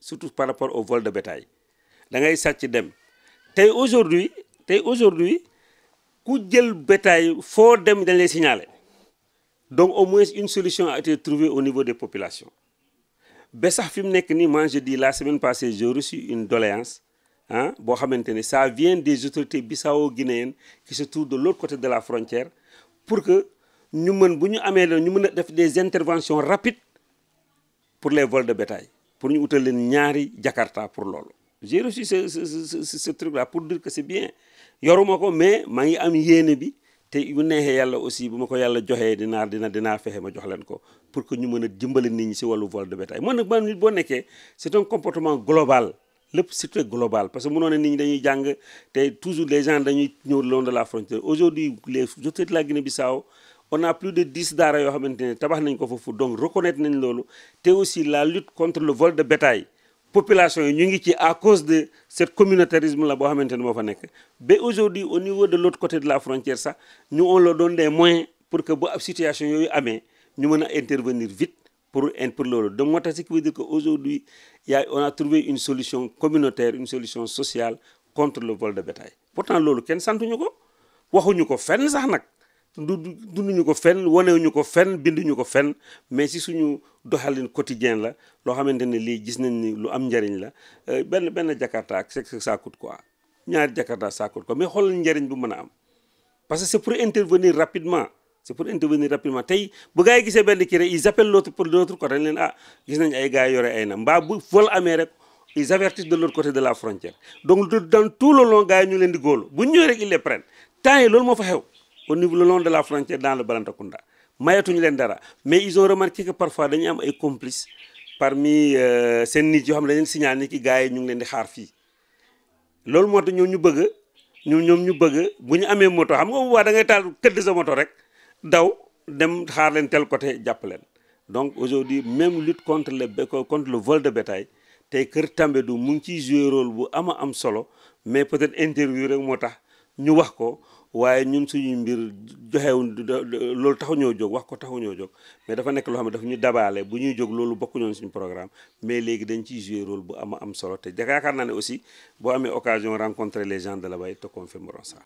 surtout par rapport au vol de bétail da ngay sàcc dem aujourd'hui tey aujourd'hui ku jël bétail foo dem dañ lay signaler donc au moins une solution a été trouvée au niveau des populations ba la semaine passée j'ai reçu une doléance hein, ça vient des autorités bissau-guinéennes qui se trouvent de l'autre côté de la frontière pour que nous mën bu des interventions rapides pour les vols de bétail pour ñu utal leen ñaari jakarta pour loolu j'ai reçu ce ce ce ce truc là pour dire que c'est bien yoruma ko mais maa ngi am yéene bi te bu neexee yàlla aussi bu ma ko yàlla joxee dinaa dina dinaa fexe ma jox leen ko pour que ñu mën a dimbali nit ñi si wàllu vol de bétail moo nag man nit boo nekkee c'est un comportement global lépp c'est global parce que mënoon na nit ñi dañuy jàng te toujours les gens dañuy ñëw le la frontière aujourd'hui les autorités de la guinée on a plus de 10 dara yo ont tabax donc reconnaître nañ lolu aussi la lutte contre le vol de bétail population est à cause de ce communautarisme là aujourd'hui au niveau de l'autre côté de la frontière nous ñu on leur donne des moyens pour que la ab situation yoyu amé ñu intervenir vite pour pour lolu donc mota ce qui veut dire que aujourd'hui on a trouvé une solution communautaire une solution sociale contre le vol de bétail pourtant qu'est-ce kenn santuñu ko waxuñu ko fenn sax ça. dunduñu ko fenn wanewuñu ko fenn binduñu ko fenn mais si suñu doxalin quotidien la loo xamante ne lii gis nañ ni lu am njariñ la euh, benn benn jakarta ak c'est ça coûte quoi ñaari jakarta ça coûte quoi mais xoolal njariñ bu mën a am parce que c'est pour intervenir rapidement c'est pour intervenir rapidement tey bu gars yi gisee benn kii rek ils appellent l'autre pour l'autre côté dañ leen ah gis nañ ay gars yore ay na mbaa bu vol amee rek ils avertissent de l'autre côté de la frontière donc dans tout le long gars yi ñu leen di góolu bu ñëwee rek ils les prennent temps yi loolu moo fa xew au niveau le long de la frontière dans le Balantacounda mayatuñu leen dara mais ils ont remarqué que parfois dañuy am ay complices parmi euh, seen nit yoo xam ne dañ leen signalé ni ki gars yi ñu ngi leen di xaar fii loolu moo ñu bëgg ñu ñom ñu bëgg bu ñu amee moto xam nga bu wa da ngay tal këdd sa moto rek daw dem xaar leen tel côté japp leen donc aujourd'hui même lutte contre le contre le vol de bétail tay Kër Tambédou mu ngi ci jouer rôle bu ama am solo mais peut-être interview rek moo ñu wax ko waaye ñun suñu mbir joxewuñ loolu taxu ñoo jóg wax ko taxu ñoo jóg mais dafa nekk loo xam ne dafa ñu dabaale bu ñuy jóg loolu bokku ñoon suñu programme mais léegi dañ ci jouer role bu ama am solo te yaakaar naa ne aussi boo amee occasion rencontrer les gens de là-bas te confirmeront ça